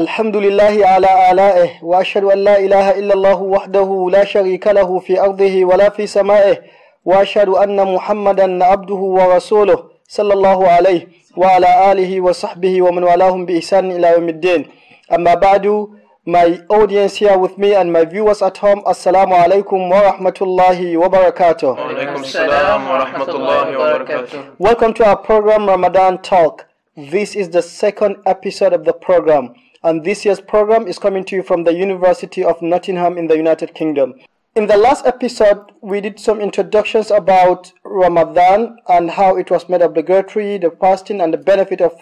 الحمد لله على آلائه وأشهد أن لا إله إلا الله وحده لا شريك له في أرضه ولا في سمائه وأشهد أن محمدا عبده ورسوله صلى الله عليه وعلى آله وصحبه ومن والاهم بإحسان إلى يوم الدين أما بعد my audience here with me and my viewers at home السلام عليكم ورحمة الله وبركاته وعليكم السلام ورحمة الله وبركاته welcome to our program ramadan talk this is the second episode of the program and this year's program is coming to you from the University of Nottingham in the United Kingdom. In the last episode, we did some introductions about Ramadan and how it was made obligatory, the fasting and the benefit of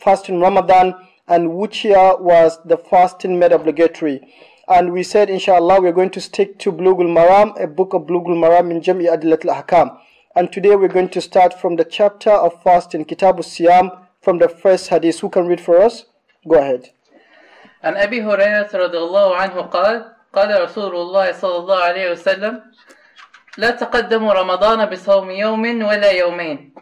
fasting Ramadan, and which year was the fasting made obligatory. And we said, inshallah, we're going to stick to Blugul Maram, a book of Blugul Maram in Jami al Hakam. And today we're going to start from the chapter of fasting, Kitabu Siyam, from the first hadith. Who can read for us? Go ahead. عن أبي هريرة رضي الله عنه قال قال رسول الله صلى الله عليه وسلم لا تقدموا رمضان بصوم يوم ولا يومين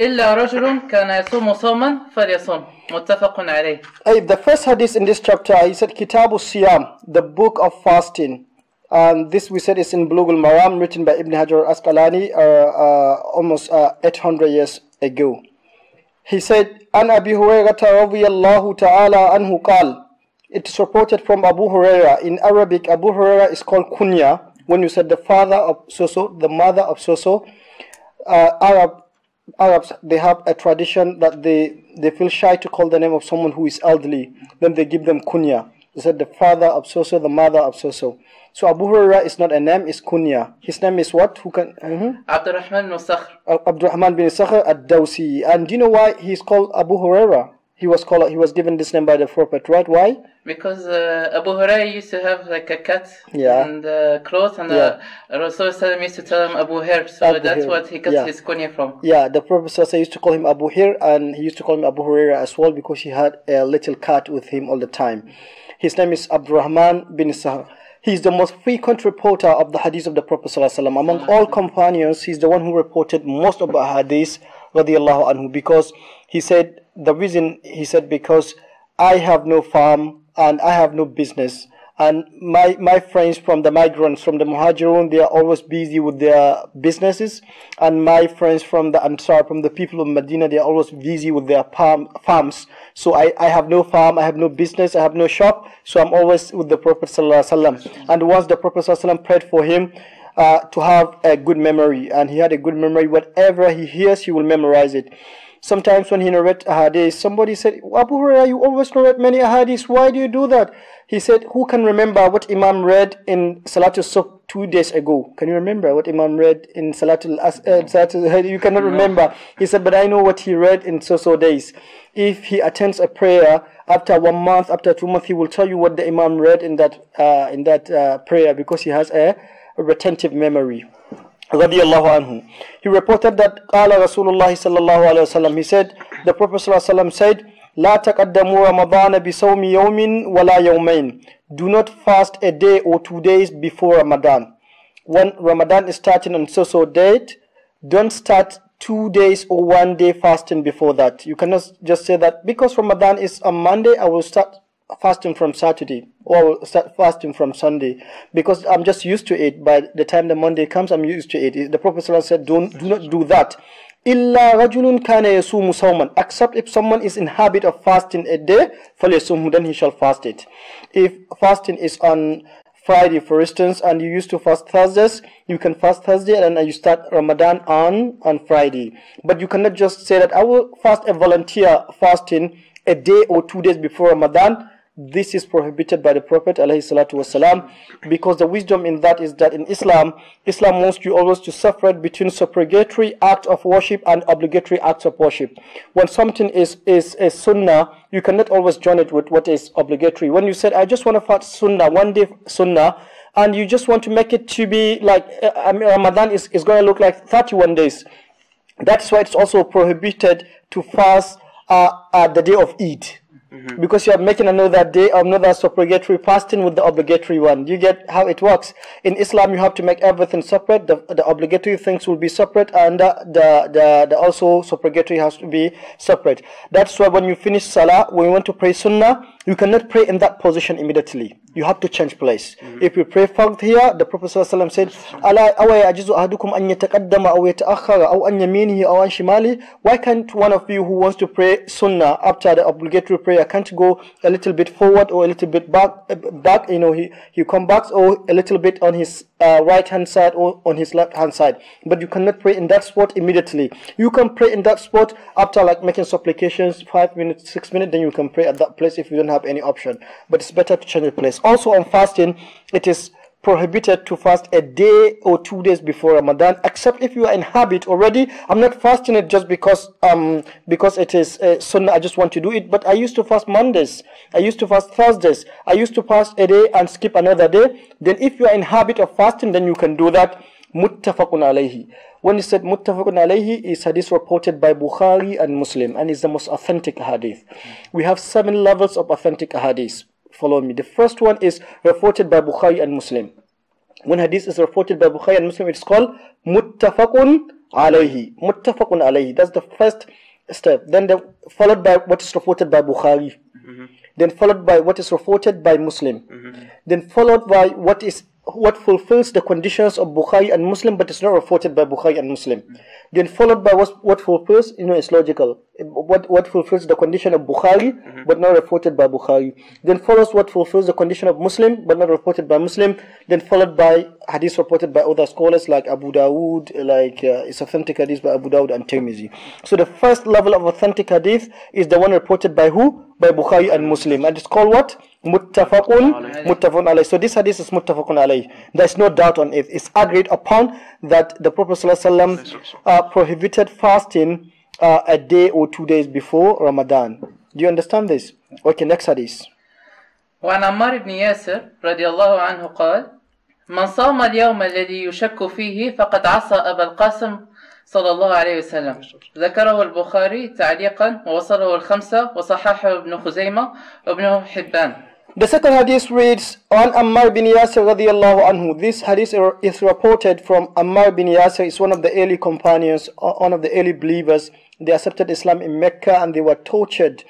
إلا رجل كان يصوم صوما فليصوم متفق عليه أي طيب، The first hadith in this chapter he said كتاب الصيام the book of fasting and this we said is in Bulugul Maram written by Ibn Hajar al-Asqalani uh, uh, almost uh, 800 years ago he said أبي هريرة رضي الله تعالى عنه قال It is reported from Abu Huraira. In Arabic, Abu Huraira is called kunya. When you said the father of Soso, the mother of Soso, uh, Arab Arabs they have a tradition that they they feel shy to call the name of someone who is elderly. Then they give them kunya. They said the father of Soso, the mother of Soso. So Abu Huraira is not a name, it's kunya. His name is what? Who can? Uh-huh. Abdurrahman bin Sakhr. Abdurrahman bin Sakhr ad-Dawsi. And do you know why he's called Abu Huraira? he was called he was given this name by the prophet right why because uh, abu hurairah used to have like a cat yeah. and uh, cloth and uh, yeah. uh, rasul used to tell him abu hir so abu that's Hir. what he got yeah. his kunya from yeah the prophet used to call him abu hir and he used to call him abu hurairah as well because he had a little cat with him all the time his name is abdurrahman bin sahar he is the most frequent reporter of the hadith of the Prophet ﷺ. Among all companions, He's the one who reported most of the hadith radiallahu anhu because he said the reason he said because I have no farm and I have no business and my my friends from the migrants from the muhajirun they are always busy with their businesses and my friends from the ansar from the people of medina they are always busy with their palm, farms so I, I have no farm i have no business i have no shop so i'm always with the prophet sallallahu and once the prophet sallallahu prayed for him uh, to have a good memory, and he had a good memory. Whatever he hears, he will memorize it. Sometimes when he narrates hadith, somebody said, Abu Huraira, you always narrate many hadiths. Why do you do that? He said, Who can remember what Imam read in Salatul Subh two days ago? Can you remember what Imam read in Salatul As? Uh, Salatul, you cannot remember. He said, But I know what he read in so so days. If he attends a prayer, after one month, after two months, he will tell you what the Imam read in that, uh, in that uh, prayer because he has a retentive memory. Anhu. He reported that Qala Rasulullah sallallahu alayhi wasallam. He said, the Prophet sallallahu said, لا تقدموا رمضان بصوم يوم ولا يومين. Do not fast a day or two days before Ramadan. When Ramadan is starting on so so date, don't start two days or one day fasting before that. You cannot just say that because Ramadan is on Monday, I will start fasting from Saturday or fasting from Sunday because I'm just used to it. By the time the Monday comes, I'm used to it. The Prophet said, "Don't do not do that." Illa rajulun kana yasumu sawman. Except if someone is in habit of fasting a day, falyasumhu, then he shall fast it. If fasting is on Friday, for instance, and you used to fast Thursdays, you can fast Thursday and you start Ramadan on on Friday. But you cannot just say that I will fast a volunteer fasting a day or two days before Ramadan this is prohibited by the Prophet والسلام, because the wisdom in that is that in Islam, Islam wants you always to separate between supplicatory act of worship and obligatory acts of worship. When something is, is a sunnah, you cannot always join it with what is obligatory. When you said, I just want to fast sunnah, one day sunnah, and you just want to make it to be like uh, um, Ramadan is, is going to look like 31 days. That's why it's also prohibited to fast uh, at uh, the day of Eid. Mm-hmm. Because you are making another day, another supplicatory fasting with the obligatory one. You get how it works. In Islam, you have to make everything separate. The, the obligatory things will be separate, and the, the, the, the also supplicatory has to be separate. That's why when you finish Salah, when you want to pray Sunnah, you cannot pray in that position immediately you have to change place. Mm -hmm. If you pray fard here, the Prophet ﷺ said, "Ala away ajizu ahadukum an yataqaddama aw yata'akhkhara aw an yaminihi aw an shimali." Why can't one of you who wants to pray sunnah after the obligatory prayer can't go a little bit forward or a little bit back? Back, you know, he he come back or a little bit on his uh, right hand side or on his left hand side but you cannot pray in that spot immediately you can pray in that spot after like making supplications five minutes six minutes then you can pray at that place if you don't have any option but it's better to change the place also on fasting it is prohibited to fast a day or two days before Ramadan, except if you are in habit already. I'm not fasting it just because um because it is uh, sunnah. I just want to do it. But I used to fast Mondays. I used to fast Thursdays. I used to fast a day and skip another day. Then if you are in habit of fasting, then you can do that. Muttafaqun alayhi. When he said muttafaqun alayhi, is hadith reported by Bukhari and Muslim, and is the most authentic hadith. We have seven levels of authentic hadith follow me. The first one is reported by Bukhari and Muslim. When hadith is reported by Bukhari and Muslim, it's called muttafaqun alayhi. Muttafaqun alayhi. That's the first step. Then the, followed by what is reported by Bukhari. Mm -hmm. Then followed by what is reported by Muslim. Mm -hmm. Then followed by what is what fulfills the conditions of Bukhari and Muslim, but it's not reported by Bukhari and Muslim. Mm -hmm. Then followed by what, what fulfills, you know, it's logical. What, what fulfills the condition of Bukhari, mm -hmm. but not reported by Bukhari. Then follows what fulfills the condition of Muslim, but not reported by Muslim. Then followed by hadith reported by other scholars like Abu Dawood, like uh, it's authentic hadith by Abu Dawood and Tirmizi. So the first level of authentic hadith is the one reported by who? By Bukhari and Muslim. And it's called what? Muttafaqun, muttafaqun alayh. So this hadith is muttafaqun alayh. There's no doubt on it. It's agreed upon that the Prophet ﷺ, uh, prohibited fasting uh, a day or two days before Ramadan. Do you understand this? Okay, next hadith. وعن عمار بن ياسر رضي الله عنه قال من صام اليوم الذي يشك فيه فقد عصى أبا القاسم صلى الله عليه وسلم ذكره البخاري تعليقا ووصله الخمسة وصححه ابن خزيمة وابن حبان The second hadith reads on Ammar bin Yasir radiallahu anhu. This hadith is reported from Ammar bin Yasir. It's one of the early companions, uh, one of the early believers. They accepted Islam in Mecca and they were tortured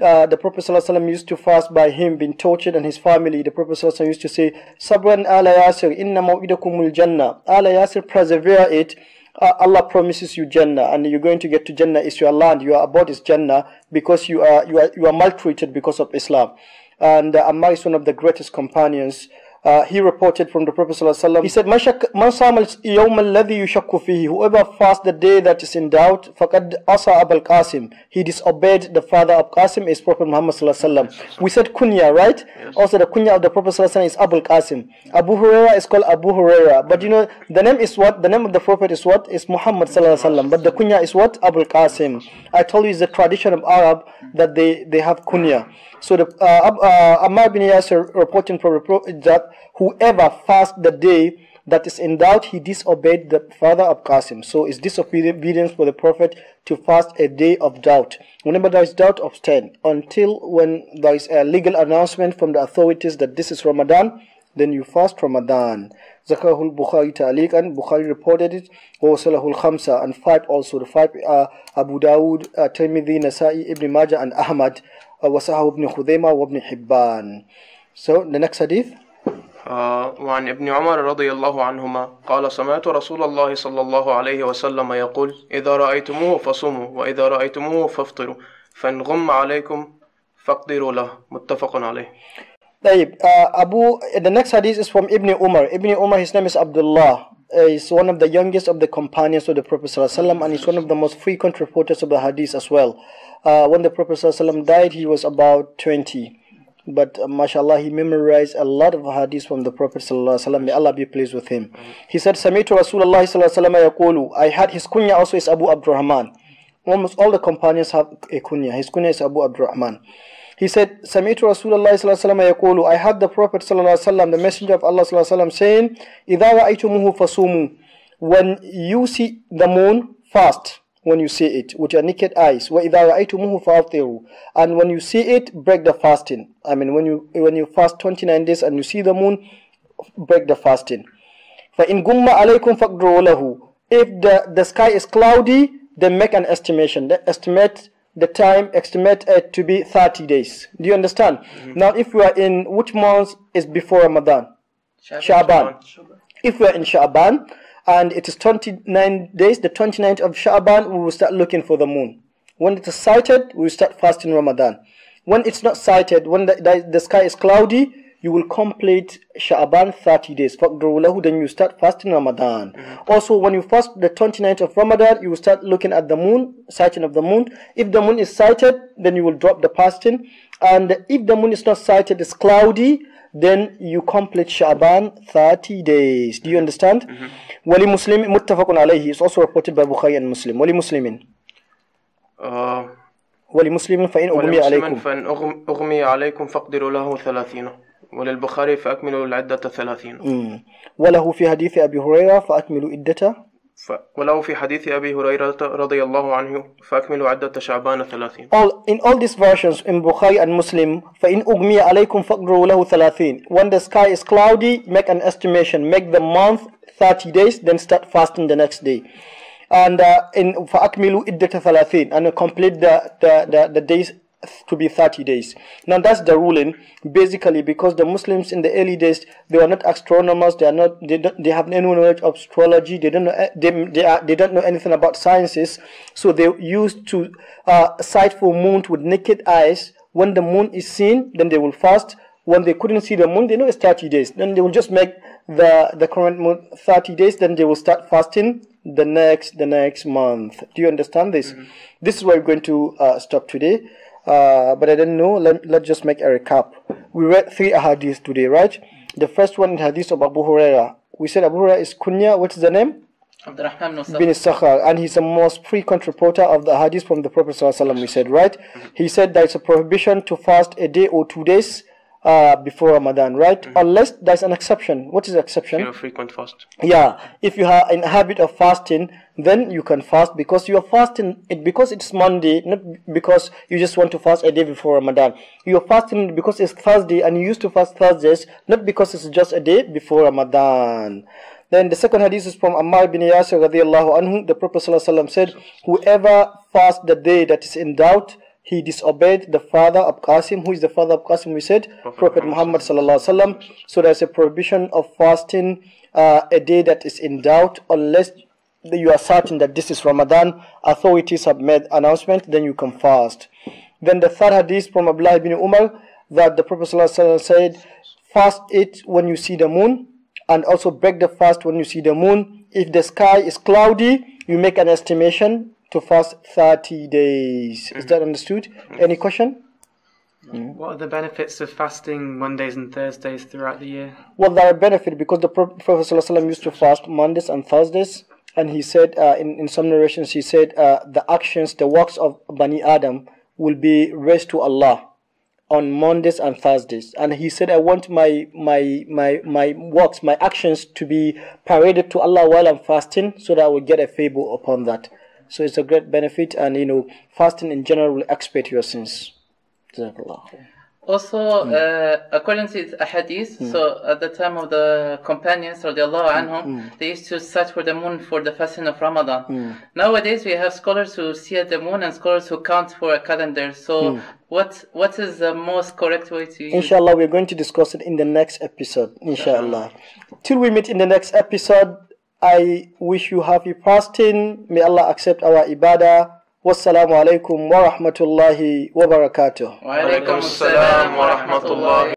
uh, the Prophet ﷺ used to fast by him being tortured and his family. The Prophet ﷺ used to say, Sabran ala yasir, inna mawidakumul jannah. Ala yasir, persevere it. Uh, Allah promises you Jannah, and you're going to get to Jannah. It's your land, You are about is Jannah, because you are you are you are maltreated because of Islam. And uh, Ammar is one of the greatest companions uh, he reported from the Prophet ﷺ, he said, Man al yawm alladhi yushakku fihi, whoever fasts the day that is in doubt, Fakad asa abul qasim, he disobeyed the father of Qasim, is Prophet Muhammad ﷺ. We said kunya, right? Yes. Also the kunya of the Prophet ﷺ is Abul Qasim. Abu Huraira is called Abu Huraira, but you know, the name is what? The name of the Prophet is what? Is Muhammad ﷺ, but the kunya is what? Abul Qasim. I told you it's the tradition of Arab that they, they have kunya. So the, uh, uh, Ammar bin Yasir reporting from that whoever fasts the day that is in doubt, he disobeyed the father of Qasim. So it's disobedience for the Prophet to fast a day of doubt. Whenever there is doubt, of 10. Until when there is a legal announcement from the authorities that this is Ramadan, then you fast Ramadan. Zakahul Bukhari Taliq and Bukhari reported it, or Salahul Khamsa, and five also. The five are uh, Abu Dawud, uh, Tirmidhi, Nasa'i, Ibn Majah, and Ahmad, uh, Wasahu ibn Khudayma, wa ibn Hibban. So the next hadith. وعن ابن عمر رضي الله عنهما قال سمعت رسول الله صلى الله عليه وسلم يقول إذا رأيتموه فصوموا وإذا رأيتموه فافطروا فإن غم عليكم فاقدروا له متفق عليه طيب uh, Abu the next hadith is from Ibn Umar Ibn Umar his name is Abdullah uh, he's one of the youngest of the companions of the Prophet وسلم, and he's one of the most frequent reporters of the hadith as well uh, when the Prophet وسلم, died he was about 20 but uh, mashallah he memorized a lot of hadith from the prophet sallallahu may allah be pleased with him he said sami'tu rasulullah sallallahu yaqulu i had his kunya also is abu abdurrahman almost all the companions have a kunya his kunya is abu abdurrahman he said sami'tu rasulullah sallallahu yaqulu i had the prophet sallallahu the messenger of allah sallallahu saying idha ra'aytumuhu fasumu when you see the moon fast when you see it with your naked eyes. And when you see it, break the fasting. I mean, when you when you fast 29 days and you see the moon, break the fasting. فَإِن قُمَّ عَلَيْكُمْ فَقْدُرُوا لَهُ If the, the sky is cloudy, then make an estimation. Then estimate the time, estimate it to be 30 days. Do you understand? Mm -hmm. Now, if we are in, which month is before Ramadan? Shaban. Shaban. Shaban. If we are in Shaban, and it is 29 days, the 29th of Sha'ban, we will start looking for the moon. When it is sighted, we will start fasting Ramadan. When it's not sighted, when the, the, the sky is cloudy, you will complete Sha'ban 30 days. Then you start fasting Ramadan. Mm-hmm. Also, when you fast the 29th of Ramadan, you will start looking at the moon, sighting of the moon. If the moon is sighted, then you will drop the fasting. And if the moon is not sighted, it's cloudy, then you complete Shaban 30 days. Do you understand? Wali Muslim muttafaqun alayhi is also reported by Bukhari and Muslim. Wali Muslimin. Wali Muslimin fa in ugmi alaykum. Wali Muslimin fa in ugmi alaykum faqdiru lahu 30. Wali al-Bukhari fa akmilu al-iddata 30. Wala Walahu fi hadithi Abi Huraira fa akmilu iddata ف... ولو في حديث أبي هريرة رضي الله عنه فأكملوا عدة شعبان ثلاثين all, In all these versions in Bukhari and Muslim فإن أغمي عليكم فقروا له ثلاثين When the sky is cloudy make an estimation make the month 30 days then start fasting the next day and uh, in فأكملوا عدة ثلاثين and complete the, the, the, the days to be 30 days. Now that's the ruling basically because the Muslims in the early days they were not astronomers they are not they don't, they have no knowledge of astrology they don't know eh, they they, are, they don't know anything about sciences so they used to uh, sight for moon with naked eyes when the moon is seen then they will fast when they couldn't see the moon they know it's 30 days then they will just make the the current moon 30 days then they will start fasting the next the next month do you understand this mm -hmm. this is where we're going to uh, stop today uh, but I didn't know. Let, let's just make a recap. We read three ahadith today, right? The first one hadith of Abu Huraira. We said Abu Huraira is kunya, what's the name? Abdurrahman bin Sakhar, and he's the most frequent reporter of the hadith from the Prophet. We said, right? He said there is a prohibition to fast a day or two days uh, before Ramadan, right? Mm -hmm. Unless there's an exception. What is the exception? You frequent fast. Yeah, if you are in a habit of fasting, then you can fast because you are fasting it because it's Monday, not because you just want to fast a day before Ramadan. You are fasting because it's Thursday and you used to fast Thursdays, not because it's just a day before Ramadan. Then the second hadith is from Ammar bin Yasir radiallahu anhu. The Prophet said, whoever fasts the day that is in doubt, he disobeyed the father of Qasim. Who is the father of Qasim? We said Prophet, Prophet Muhammad sallallahu So there's a prohibition of fasting uh, a day that is in doubt, unless you are certain that this is Ramadan. Authorities have made announcement, then you can fast. Then the third hadith from Abdullah ibn Umar that the Prophet said, fast it when you see the moon, and also break the fast when you see the moon. If the sky is cloudy, you make an estimation to fast 30 days. Is that understood? Mm-hmm. Any question? Mm. What are the benefits of fasting Mondays and Thursdays throughout the year? Well, there are benefits because the Prophet ﷺ used to fast Mondays and Thursdays. And he said, uh, in, in some narrations, he said, uh, the actions, the works of Bani Adam will be raised to Allah on Mondays and Thursdays. And he said, I want my, my, my, my works, my actions to be paraded to Allah while I'm fasting so that I will get a favor upon that. So it's a great benefit, and you know, fasting in general will expiate your sins. Also, mm. uh, according to the hadith, mm. so at the time of the companions, radiallahu hmm. anhum, mm. they used to search for the moon for the fasting of Ramadan. Hmm. Nowadays, we have scholars who see at the moon and scholars who count for a calendar. So, hmm. what what is the most correct way to use? Inshallah, we're going to discuss it in the next episode. Inshallah. Till we meet in the next episode. I wish you happy fasting. May Allah accept our ibadah. Wassalamu alaikum wa rahmatullahi wa barakatuh. Wa alaikum assalam wa rahmatullahi